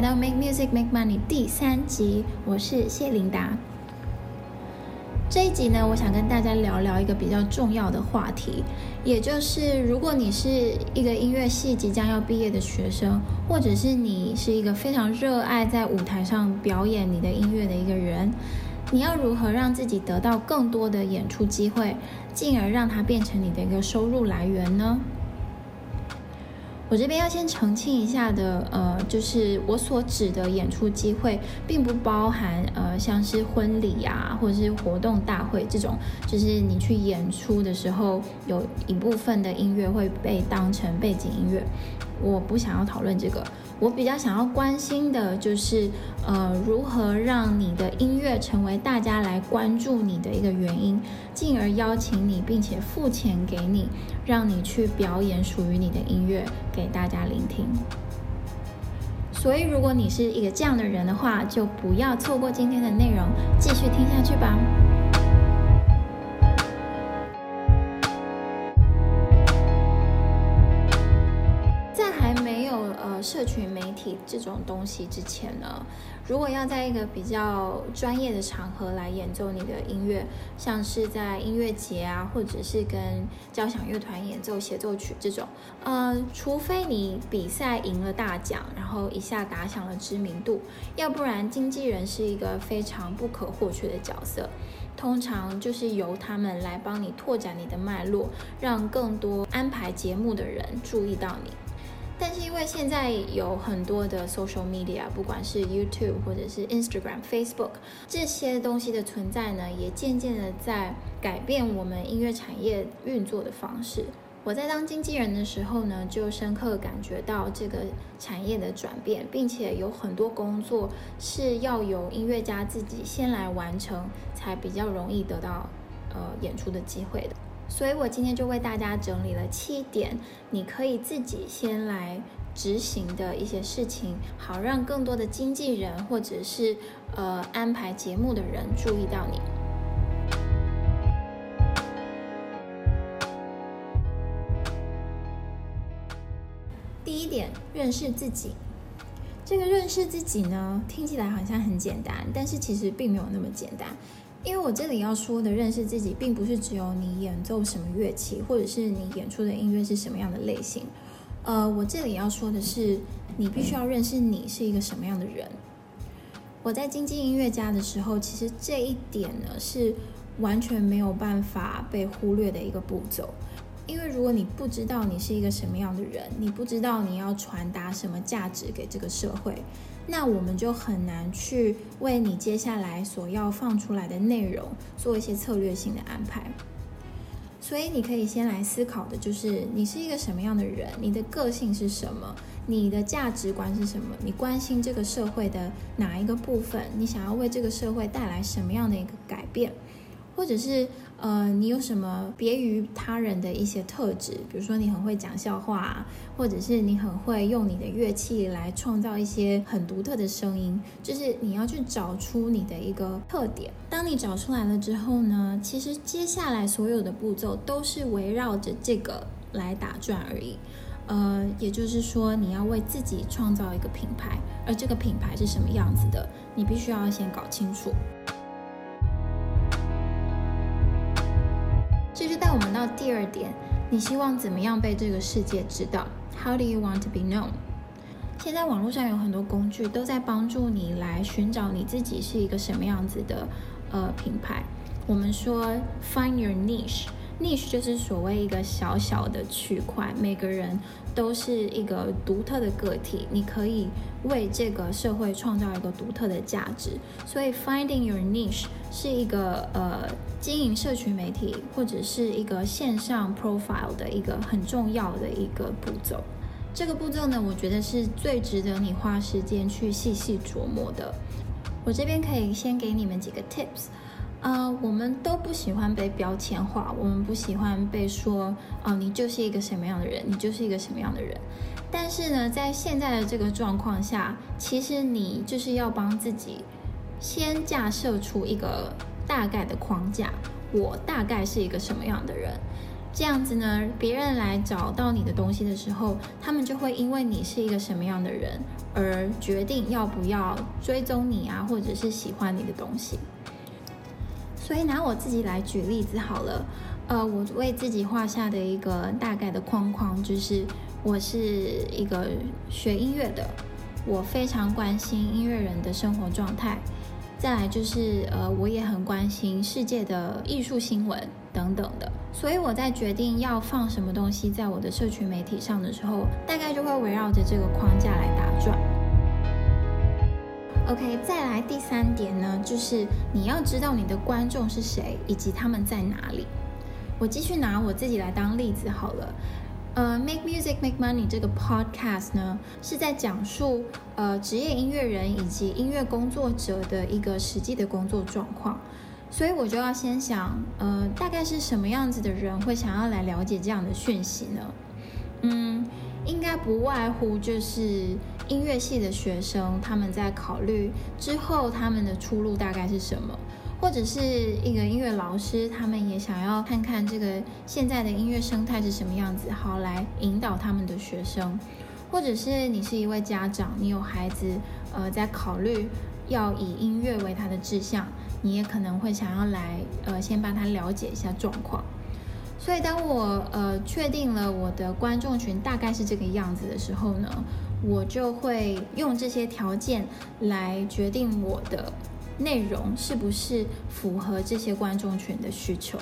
來到《Make Music Make Money》第三集，我是謝琳達。這一集呢，我想跟大家聊聊一個比較重要的話題，也就是如果你是一個音樂系即將要畢業的學生，或者是你是一個非常熱愛在舞台上表演你的音樂的一個人，你要如何讓自己得到更多的演出機會，進而讓它變成你的一個收入來源呢？我這邊要先澄清一下的，呃，就是我所指的演出機會，並不包含，呃，像是婚禮啊，或者是活動大會這種，就是你去演出的時候，有一部分的音樂會被當成背景音樂，我不想要討論這個。我比較想要關心的就是，呃，如何讓你的音樂成為大家來關注你的一個原因，進而邀請你，並且付錢給你，讓你去表演屬於你的音樂，給大家聆聽。所以，如果你是一個這樣的人的話，就不要錯過今天的內容，繼續聽下去吧。社群媒體這種東西之前呢，如果要在一個比較專業的場合來演奏你的音樂，像是在音樂節啊，或者是跟交響樂團演奏協奏曲這種，呃，除非你比賽贏了大獎，然後一下打響了知名度，要不然經紀人是一個非常不可或缺的角色。通常就是由他們來幫你拓展你的脈絡，讓更多安排節目的人注意到你。但是因為現在有很多的 social media，不管是 YouTube 或者是 Instagram、Facebook 這些東西的存在呢，也漸漸的在改變我們音樂產業運作的方式。我在當經紀人的時候呢，就深刻感覺到這個產業的轉變，並且有很多工作是要由音樂家自己先來完成，才比較容易得到，呃，演出的機會的。所以，我今天就為大家整理了七點，你可以自己先來執行的一些事情，好讓更多的經紀人或者是呃安排節目的人注意到你。第一點，認識自己。這個認識自己呢，聽起來好像很簡單，但是其實並沒有那麼簡單。因為我這裡要說的，認識自己，並不是只有你演奏什麼樂器，或者是你演出的音樂是什麼樣的類型。呃，我這裡要說的是，你必須要認識你是一個什麼樣的人。嗯、我在經紀音樂家的時候，其實這一點呢是完全沒有辦法被忽略的一個步驟。因為如果你不知道你是一個什麼樣的人，你不知道你要傳達什麼價值給這個社會。那我們就很難去為你接下來所要放出來的內容做一些策略性的安排。所以你可以先來思考的，就是你是一個什麼樣的人，你的個性是什麼，你的價值觀是什麼，你關心這個社會的哪一個部分，你想要為這個社會帶來什麼樣的一個改變。或者是，呃，你有什麼別於他人的一些特質？比如說你很會講笑話啊，或者是你很會用你的樂器來創造一些很獨特的聲音。就是你要去找出你的一個特點。當你找出來了之後呢，其實接下來所有的步驟都是圍繞着這個來打轉而已。呃，也就是說，你要為自己創造一個品牌，而這個品牌是什麼樣子的，你必須要先搞清楚。那第二點，你希望怎麼樣被這個世界知道？How do you want to be known？現在網絡上有很多工具都在幫助你來尋找你自己是一個什麼樣子的呃品牌。我們說 find your niche。Niche 就是所謂一個小小的區塊，每個人都是一個獨特的個體，你可以為這個社會創造一個獨特的價值。所以，finding your niche 是一個呃經營社群媒體或者是一個線上 profile 的一個很重要的一個步驟。這個步驟呢，我覺得是最值得你花時間去細細琢磨的。我這邊可以先給你們幾個 tips。啊、呃，我們都不喜歡被標籤化，我們不喜歡被說啊、呃，你就是一個什麼樣的人，你就是一個什麼樣的人。但是呢，在現在的這個狀況下，其實你就是要幫自己先架設出一個大概的框架，我大概是一個什麼樣的人。這樣子呢，別人來找到你的東西的時候，他們就會因為你是一個什麼樣的人而決定要不要追蹤你啊，或者是喜歡你的東西。所以拿我自己來舉例子好了，呃，我為自己畫下的一個大概的框框就是，我是一個學音樂的，我非常關心音樂人的生活狀態，再來就是，呃，我也很關心世界的藝術新聞等等的。所以我在決定要放什麼東西在我的社群媒體上的時候，大概就會圍繞着這個框架來打轉。OK，再來第三點呢，就是你要知道你的觀眾是誰，以及他們在哪裡。我繼續拿我自己來當例子好了。呃、uh，Make Music Make Money 這個 Podcast 呢，是在講述呃、uh，職業音樂人以及音樂工作者的一個實際的工作狀況，所以我就要先想，呃、uh，大概是什麼樣子的人會想要來了解這樣的訊息呢？嗯，應該不外乎就是。音樂系的學生，他們在考慮之後，他們的出路大概是什麼？或者是一個音樂老師，他們也想要看看這個現在的音樂生態是什麼樣子，好來引導他們的學生。或者是你是一位家長，你有孩子，呃，在考慮要以音樂為他的志向，你也可能會想要來，呃，先幫他了解一下狀況。所以，當我呃確定了我的觀眾群大概是這個樣子的時候呢，我就會用這些條件來決定我的內容是不是符合這些觀眾群的需求，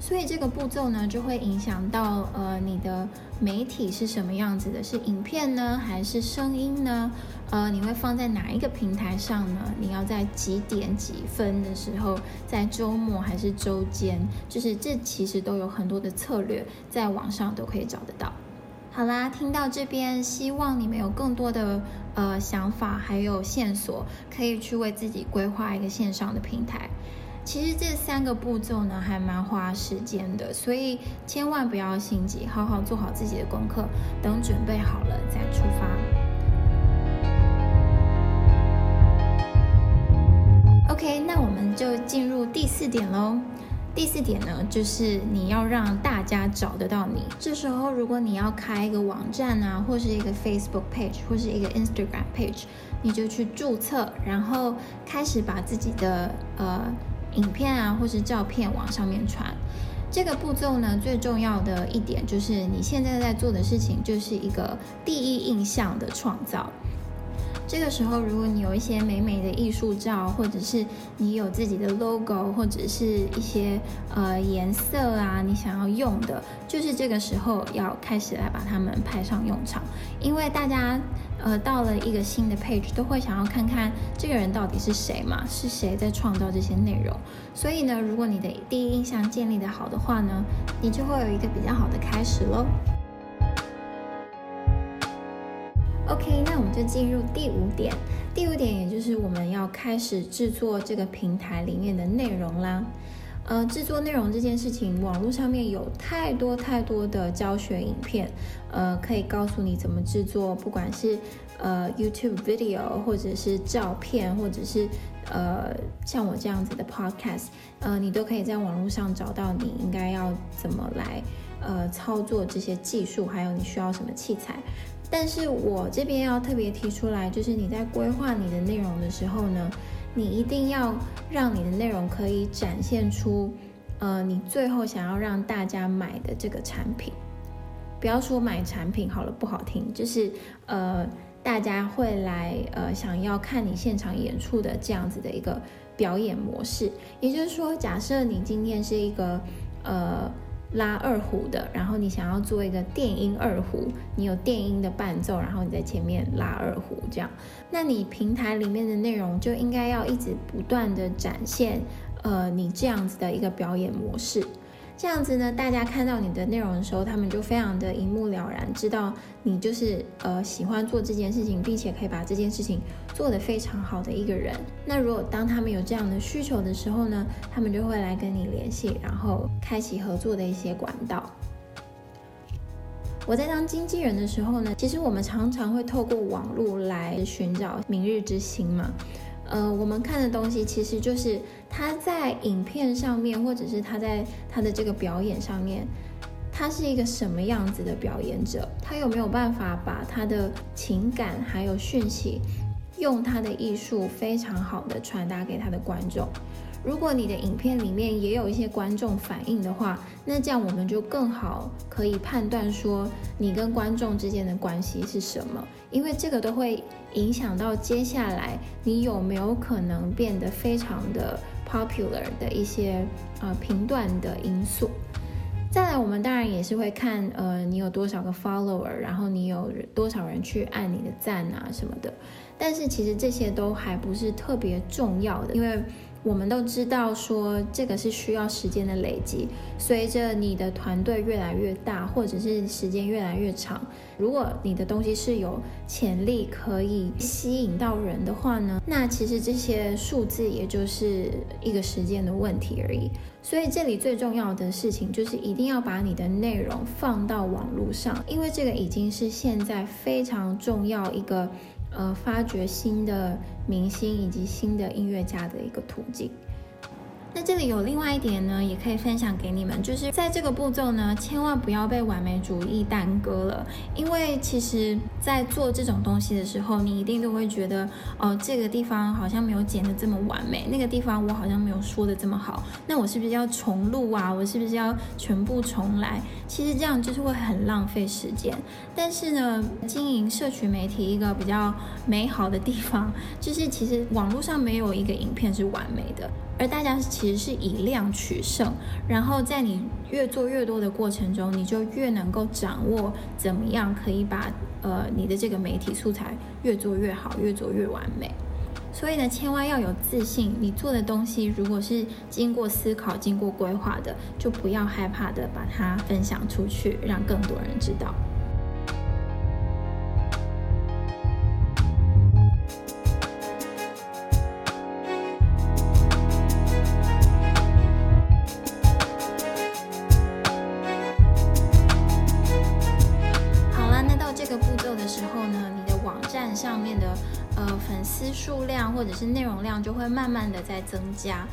所以這個步驟呢，就會影響到呃你的媒體是什麼樣子的，是影片呢還是聲音呢？呃，你會放在哪一個平台上呢？你要在幾點幾分的時候，在周末還是周間，就是這其實都有很多的策略，在網上都可以找得到。好啦，聽到這邊，希望你們有更多的呃想法，還有線索，可以去為自己規劃一個線上的平台。其實這三個步驟呢，還蠻花時間的，所以千萬不要心急，好好做好自己的功課，等準備好了再出發。OK，那我們就進入第四點嘍。第四點呢，就是你要讓大家找得到你。這時候，如果你要開一個網站啊，或是一個 Facebook page，或是一個 Instagram page，你就去註冊，然後開始把自己的呃影片啊，或是照片往上面傳。這個步驟呢，最重要的一點就是你現在在做的事情，就是一個第一印象的創造。這個時候，如果你有一些美美的藝術照，或者是你有自己的 logo，或者是一些呃顏色啊，你想要用的，就是這個時候要開始來把它們派上用場。因為大家呃到了一個新的 page，都會想要看看這個人到底是誰嘛，是誰在創造這些內容。所以呢，如果你的第一印象建立得好的話呢，你就會有一個比較好的開始嘍。OK，那我們就進入第五點。第五點，也就是我們要開始制作這個平台裡面的內容啦。呃，制作內容這件事情，網絡上面有太多太多的教學影片，呃，可以告訴你怎麼制作，不管是呃 YouTube video，或者是照片，或者是呃像我這樣子的 podcast，呃，你都可以在網絡上找到你應該要怎麼來。呃，操作這些技術，還有你需要什麼器材。但是我這邊要特別提出來，就是你在規劃你的內容的時候呢，你一定要讓你的內容可以展現出，呃，你最後想要讓大家買的這個產品。不要說買產品好了不好聽，就是呃，大家會來，呃，想要看你現場演出的這樣子的一個表演模式。也就是說，假設你今天是一個呃，拉二胡的，然後你想要做一個電音二胡，你有電音的伴奏，然後你在前面拉二胡這樣，那你平台裡面的內容就應該要一直不斷地展現，呃，你這樣子的一個表演模式。這樣子呢，大家看到你的內容的時候，他們就非常的一目了然，知道你就是呃喜歡做這件事情，並且可以把這件事情做得非常好的一個人。那如果當他們有這樣的需求的時候呢，他們就會來跟你聯繫，然後開啟合作的一些管道。我在當經紀人的時候呢，其實我們常常會透過網路來尋找明日之星嘛。呃，我們看的東西其實就是他在影片上面，或者是他在他的這個表演上面，他是一個什麼樣子的表演者？他有沒有辦法把他的情感還有訊息，用他的藝術非常好的傳達給他的觀眾？如果你的影片裡面也有一些觀眾反應的話，那這樣我們就更好可以判斷說你跟觀眾之間的關係是什麼，因為這個都會影響到接下來你有沒有可能變得非常的 popular 的一些呃評斷的因素。再來，我們當然也是會看呃你有多少個 follower，然後你有多少人去按你的讚啊什麼的，但是其實這些都還不是特別重要的，因為。我們都知道說，說這個是需要時間的累積。隨着你的團隊越來越大，或者是時間越來越長，如果你的東西是有潛力可以吸引到人的話呢，那其實這些數字也就是一個時間的問題而已。所以這裡最重要的事情就是一定要把你的內容放到網絡上，因為這個已經是現在非常重要一個。呃，發掘新的明星以及新的音樂家的一個途徑。那這裡有另外一點呢，也可以分享給你們，就是在這個步驟呢，千萬不要被完美主義耽擱了，因為其實在做這種東西的時候，你一定都會覺得，哦，這個地方好像沒有剪得這麼完美，那個地方我好像沒有說得這麼好，那我是不是要重錄啊？我是不是要全部重來？其實這樣就是會很浪費時間。但是呢，經營社群媒體一個比較美好的地方，就是其實網絡上沒有一個影片是完美的，而大家是。其實是以量取勝，然後在你越做越多的過程中，你就越能夠掌握怎麼樣可以把呃你的這個媒體素材越做越好，越做越完美。所以呢，千萬要有自信，你做的東西如果是經過思考、經過規劃的，就不要害怕的把它分享出去，讓更多人知道。或者是內容量就會慢慢的在增加，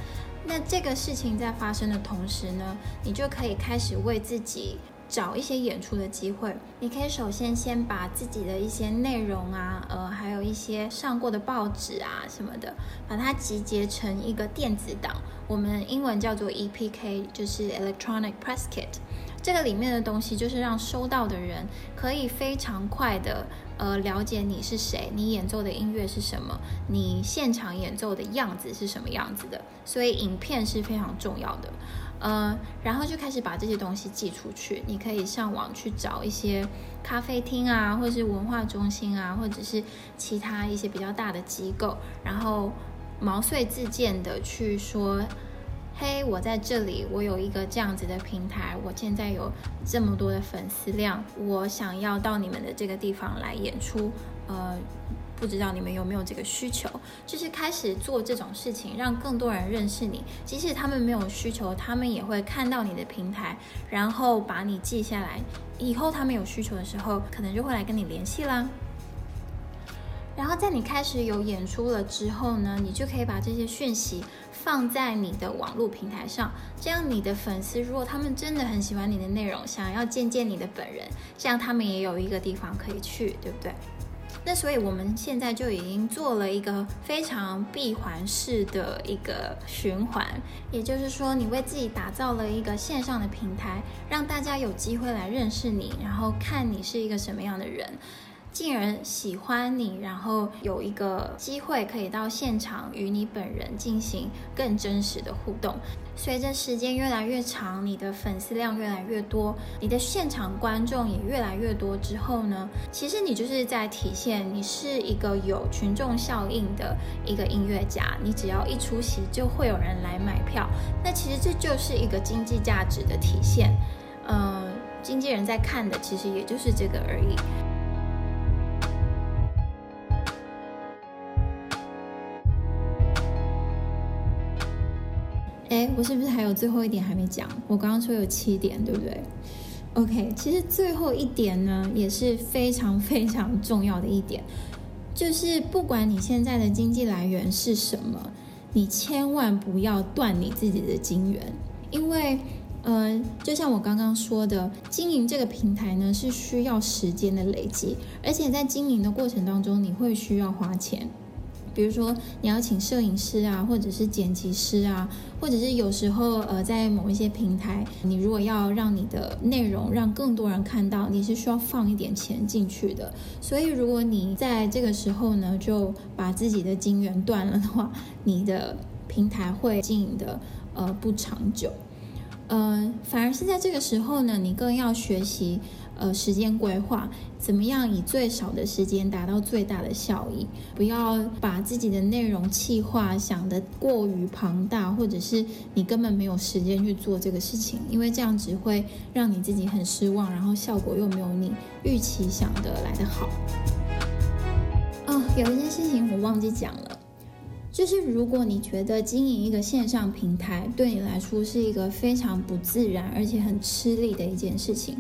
那這個事情在發生的同時呢，你就可以開始為自己找一些演出的機會。你可以首先先把自己的一些內容啊，呃，還有一些上過的報紙啊什麼的，把它集結成一個電子檔，我們英文叫做 EPK，就是 Electronic Press Kit。這個裡面的東西，就是讓收到的人可以非常快的，呃，了解你是誰，你演奏的音樂是什麼，你現場演奏的樣子是什麼樣子的。所以影片是非常重要的，呃，然後就開始把這些東西寄出去。你可以上網去找一些咖啡廳啊，或者是文化中心啊，或者是其他一些比較大的機構，然後毛遂自薦的去說。嘿，我在這裡，我有一個這樣子的平台，我現在有這麼多的粉絲量，我想要到你們的這個地方來演出，呃，不知道你們有沒有這個需求？就是開始做這種事情，讓更多人認識你，即使他們沒有需求，他們也會看到你的平台，然後把你記下來，以後他們有需求的時候，可能就會來跟你聯繫啦。然後在你開始有演出了之後呢，你就可以把這些訊息。放在你的網絡平台上，這樣你的粉絲如果他們真的很喜歡你的內容，想要見見你的本人，這樣他們也有一個地方可以去，對不對？那所以我們現在就已經做了一個非常閉環式的一個循環，也就是說，你為自己打造了一個線上的平台，讓大家有機會來認識你，然後看你是一個什麼樣的人。進而喜歡你，然後有一個機會可以到現場與你本人進行更真實的互動。隨着時間越來越長，你的粉絲量越來越多，你的現場觀眾也越來越多之後呢，其實你就是在體現你是一個有群眾效應的一個音樂家。你只要一出席，就會有人來買票。那其實這就是一個經濟價值的體現。嗯，經紀人在看的其實也就是這個而已。我是不是還有最後一點還沒講？我剛剛說有七點，對不對？OK，其實最後一點呢也是非常非常重要的一點，就是不管你現在的經濟來源是什麼，你千萬不要斷你自己的金源，因為呃，就像我剛剛說的，經營這個平台呢是需要時間的累積，而且在經營的過程當中，你會需要花錢。比如說，你要請攝影師啊，或者是剪輯師啊，或者是有時候，呃，在某一些平台，你如果要讓你的內容讓更多人看到，你是需要放一點錢進去的。所以，如果你在這個時候呢，就把自己的金源斷了的話，你的平台會經營的，呃，不長久。嗯、呃，反而是在這個時候呢，你更要學習，呃，時間規劃，怎麼樣以最少的時間達到最大的效益，不要把自己的內容計劃想得過於龐大，或者是你根本沒有時間去做這個事情，因為這樣只會讓你自己很失望，然後效果又沒有你預期想得來得好。哦，有一件事情我忘記講了。就是，如果你覺得經營一個線上平台對你來說是一個非常不自然而且很吃力的一件事情，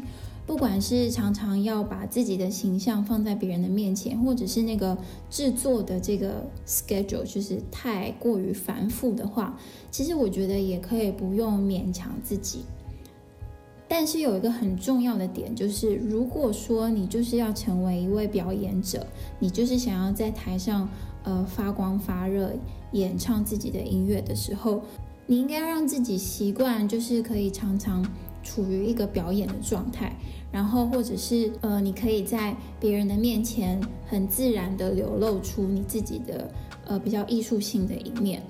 不管是常常要把自己的形象放在別人的面前，或者是那個製作的這個 schedule 就是太過於繁複的話，其實我覺得也可以不用勉強自己。但是有一個很重要的點，就是如果說你就是要成為一位表演者，你就是想要在台上。呃，發光發熱，演唱自己的音樂的時候，你應該要讓自己習慣，就是可以常常處於一個表演的狀態，然後或者是呃，你可以在別人的面前很自然地流露出你自己的呃比較藝術性的一面。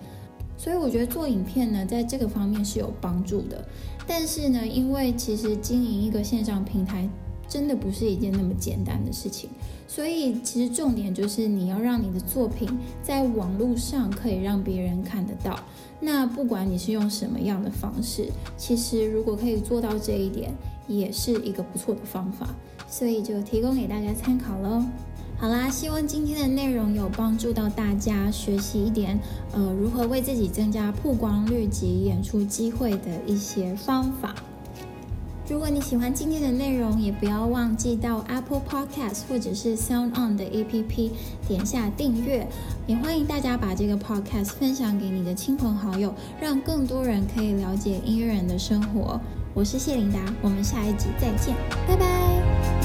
所以我覺得做影片呢，在這個方面是有幫助的。但是呢，因為其實經營一個線上平台，真的不是一件那麼簡單的事情。所以其實重點就是你要讓你的作品在網絡上可以讓別人看得到。那不管你是用什麼樣的方式，其實如果可以做到這一點，也是一個不錯的方法。所以就提供給大家參考嘍。好啦，希望今天的內容有幫助到大家，學習一點呃如何為自己增加曝光率及演出機會的一些方法。如果你喜歡今天的內容，也不要忘記到 Apple Podcast 或者是 Sound On 的 APP 點下訂閱。也歡迎大家把這個 Podcast 分享給你的親朋好友，讓更多人可以了解音樂人的生活。我是謝琳達，我們下一集再見，拜拜。